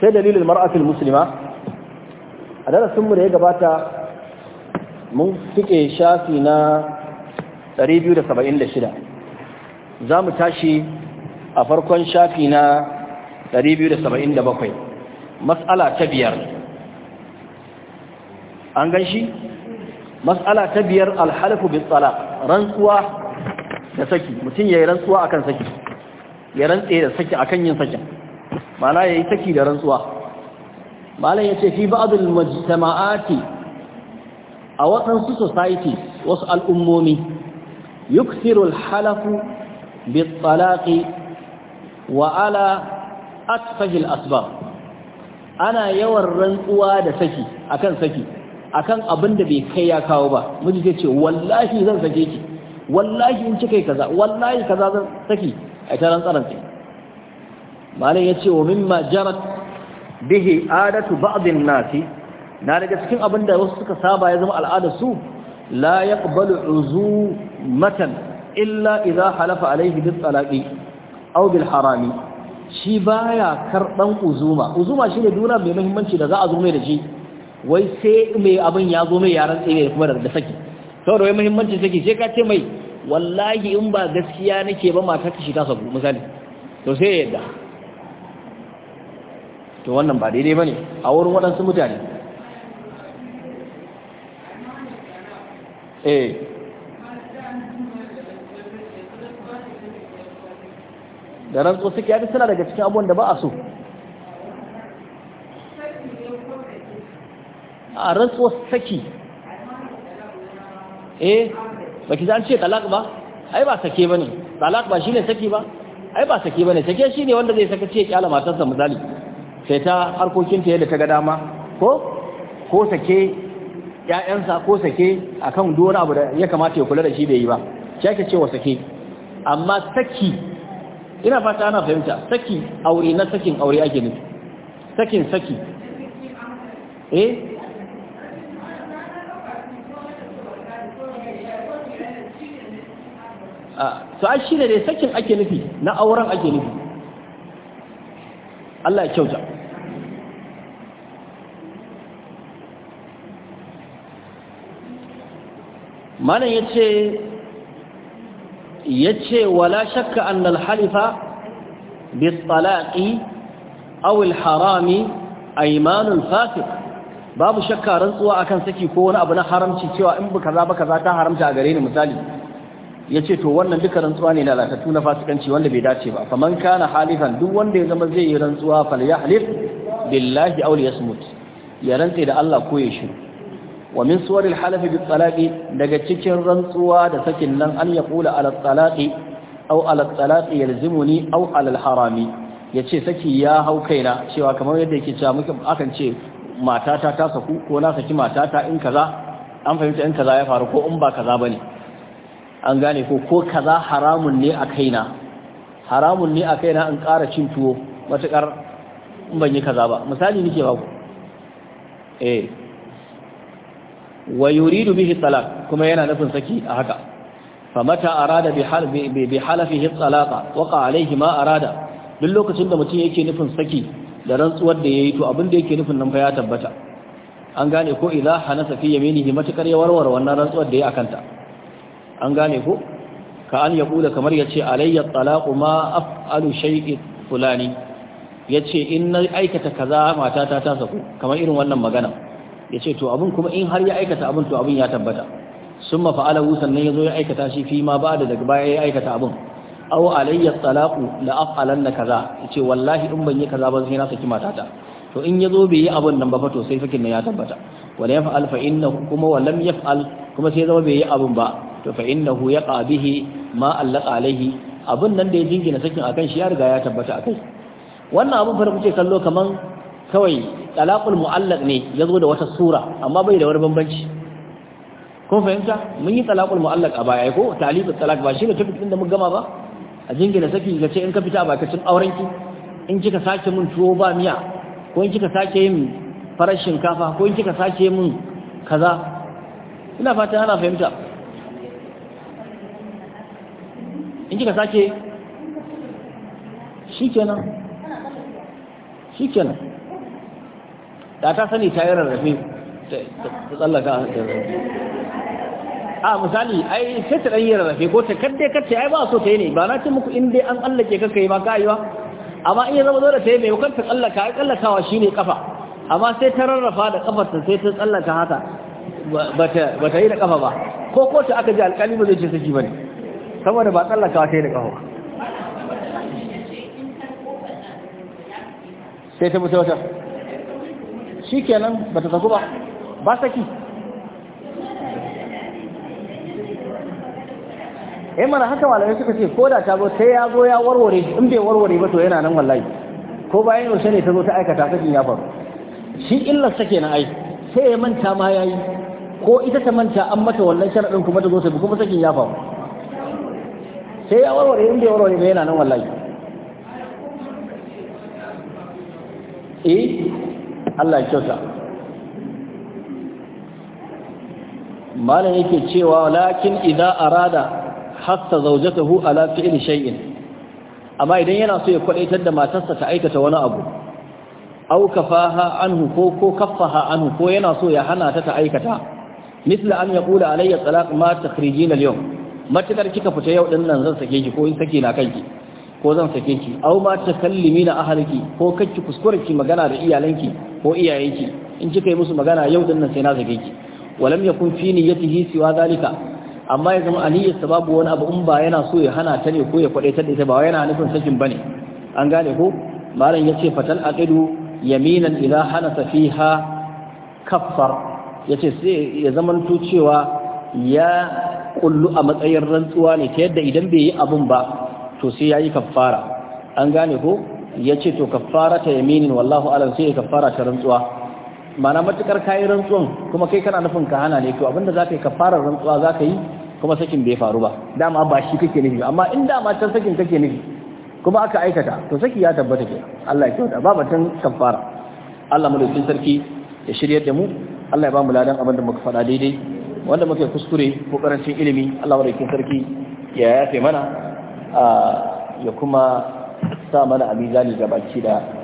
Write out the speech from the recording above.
sai dalilin mar'atul muslima a darasinmu da ya gabata mun fike shafi na 276 za mu tashi a farkon shafi na 277 mas'ala ta biyar an gan shi mas'ala ta biyar alhalifu bin tsala rantsuwa da saki mutum ya yi rantsuwa akan saki ya rantse da saki akan yin sakin mana ya yi saki da rantsuwa malam ya ce fi ba'adul majtama'ati a waɗansu society wasu al'ummomi yuksirul halafu bi wa ala asfahil asbab ana yawan rantsuwa da saki akan saki akan abin da bai kai ya kawo ba miji zai ce wallahi zan sake ki wallahi in cika kika kaza wallahi kaza zan saki a taron tsaron sai malan ya ce wa mimma jarat bihi adatu ba'din nasi na daga cikin abin da wasu suka saba ya zama al'ada su la yaqbalu uzumatan illa idza halafa alayhi bis talaqi aw bil harami shi baya karban uzuma uzuma shine duna mai muhimmanci da za a zo mai da shi wai sai mai abin ya zo mai yaran tsaye kuma da saki saboda wai muhimmanci saki sai ka ce mai wallahi in ba gaskiya nake ba mata ta shi ta sabu misali to sai ya yadda to wannan ba daidai bane a wurin waɗansu mutane eh da rantsu suke yadda suna daga cikin abuwan da ba a so a rantsuwar saki eh ba ki zan ce talak ba ai ba sake ba ne talak ba shi ne saki ba ai ba sake ba ne sake shi ne wanda zai saka ce kyala matarsa misali sai ta harkokinta yadda ta ga dama ko ko sake ƴaƴansa ko sake akan duk abu da ya kamata ya kula da shi bai yi ba shi ake cewa sake amma saki ina fata ana fahimta saki aure na sakin aure ake nufi sakin saki eh su an shi ne dai sakin ake nufi na auren ake nufi Allah ya kyauta malam ya ce wala shakka annal halifa bisalaki awil harami aimanun fasik babu shakka rantsuwa akan saki ko wani abu na haramci cewa in ba kaza ba kaza ta haramta a gare ni misali ya ce to wannan duka rantsuwa ne lalatattu na fasikanci wanda bai dace ba faman kana halifan duk wanda ya zama zai yi rantsuwa fal ya billahi aw yasmut ya rantse da Allah ko ya shiru wa min suwaril halafi bi talaqi daga cikin rantsuwa da sakin nan an ya kula ala talaqi aw ala talaqi yalzimuni aw ala al harami yace saki ya hau kaina cewa kamar yadda yake cewa muke akan ce matata ta saku ko na saki matata in kaza an fahimta in kaza ya faru ko in ba kaza bane an gane ko ko kaza haramun ne a kaina haramun ne a kaina in ƙara cin tuwo matuƙar in ban yi kaza ba misali nake ba ku eh wa yuridu bihi talaq kuma yana nufin saki a haka famata arada bi halbi bi halafihi talaqa waqa alayhi ma arada duk lokacin da mutum yake nufin saki da rantsuwar da yayi to abin da yake nufin nan fa ya tabbata an gane ko idza hanasa fi yaminihi matakar ya warware wannan rantsuwar da yayi akanta an gane ko ka an yaqula kamar yace alayya talaqu ma af'alu shay'i fulani yace in na aikata kaza matata ta saku kamar irin wannan magana ya ce to abin kuma in har ya aikata abin to abin ya tabbata sun mafa'alahu sannan ya zo ya aikata shi fi ma ba da daga baya ya aikata abin aw alayya talaqu la af'alanna kaza yace wallahi in ban yi kaza ba sai na saki matata to in ya zo bai yi abun nan ba fa to sai sakin nan ya tabbata wala yaf'al fa innahu kuma wa lam yaf'al kuma sai zama bai yi abun ba to fa innahu yaqa bihi ma allaqa alayhi abun nan da ya jingina sakin akan shi ya riga ya tabbata akai wannan abun fa da kuke kallo kaman kawai talaqul mu'allaq ne yazo da wata sura amma bai da wani bambanci kun fahimta mun yi talaqul mu'allaq a baya ko talibul talaq ba shine tafi din da mun gama ba a jingina saki ga ce in ka fita ba ka cin ki. in kika sake mun tuwo ba miya ko in kika sake yin farashin shinkafa ko in kika sake mun kaza ina fata ana fahimta in kika sake shikenan shikenan da ta sani ta yi rarrafe ta tsallaka a a misali ai sai ta ɗanyi rarrafe ko ta kadde kacce ai ba so ta yi ne ba na ce muku in dai an tsallake kanka yi ba ka yi ba amma in zama zo da ta yi maimakon ta tsallaka ai tsallakawa shi ne kafa amma sai ta rarrafa da kafarta sai ta tsallaka haka ba ta yi da kafa ba ko ko ta aka ji alƙali ba zai ce saki ba ne saboda ba tsallakawa ta yi da kafa ba sai ta mutu wata shi kenan ba ta saku ba ba saki eh mana haka malamai suka ce ko da ta zo sai ya zo ya warware in bai warware ba to yana nan wallahi ko bayan yau ne ta zo ta aikata sakin ya faru shi illar sake na aiki sai ya manta ma ya yi, ko ita ta manta an mata wannan sharaɗin kuma ta zo ta kuma sakin ya faru sai ya warware in bai warware ba yana nan wallahi eh Allah kyauta malam yake cewa lakin idan arada hatta zawjatahu ala fi'li shay'in amma idan yana so ya kwadaitar da matarsa ta aikata wani abu aw kafaha anhu ko ko kaffaha anhu ko yana so ya hana ta ta aikata misla an yaqula alayya talaq ma takhrijin al-yawm matakar kika fita yau din nan zan sake ki ko in sake na kanki ko zan sake ki aw ma takallimina ahliki ko kakki kuskure ki magana da iyalanki ko iyayenki in kika yi musu magana yau din nan sai na zage ki walam yakun fi niyyatihi siwa zalika amma ya zama aniyarsa babu wani abu in ba yana so ya hana ta ne ko ya kwadaitar da ita ba yana nufin sakin bane an gane ko malam yace fatal aqidu yaminan idha hana fiha kaffar yace sai ya zamanto cewa ya kullu a matsayin rantsuwa ne ta yadda idan bai yi abun ba to sai yayi kaffara an gane ko ya ce to kaffara ta yaminin wallahu alam sai kaffara ta rantsuwa mana matukar kayi rantsuwan kuma kai kana nufin ka hana ne to abinda za ka yi kaffarar rantsuwa za ka yi kuma sakin bai faru ba dama ba shi kake nufi amma in dama can sakin kake nufi kuma aka aikata to saki ya tabbata ke Allah ya kyauta ba batun kaffara Allah mu da sarki ya shiryar da mu Allah ya ba mu ladan abin da muka faɗa daidai wanda muke kuskure ko karancin ilimi Allah mu da sarki ya yafe mana ah, ya kuma sa mana a mizani ga baki da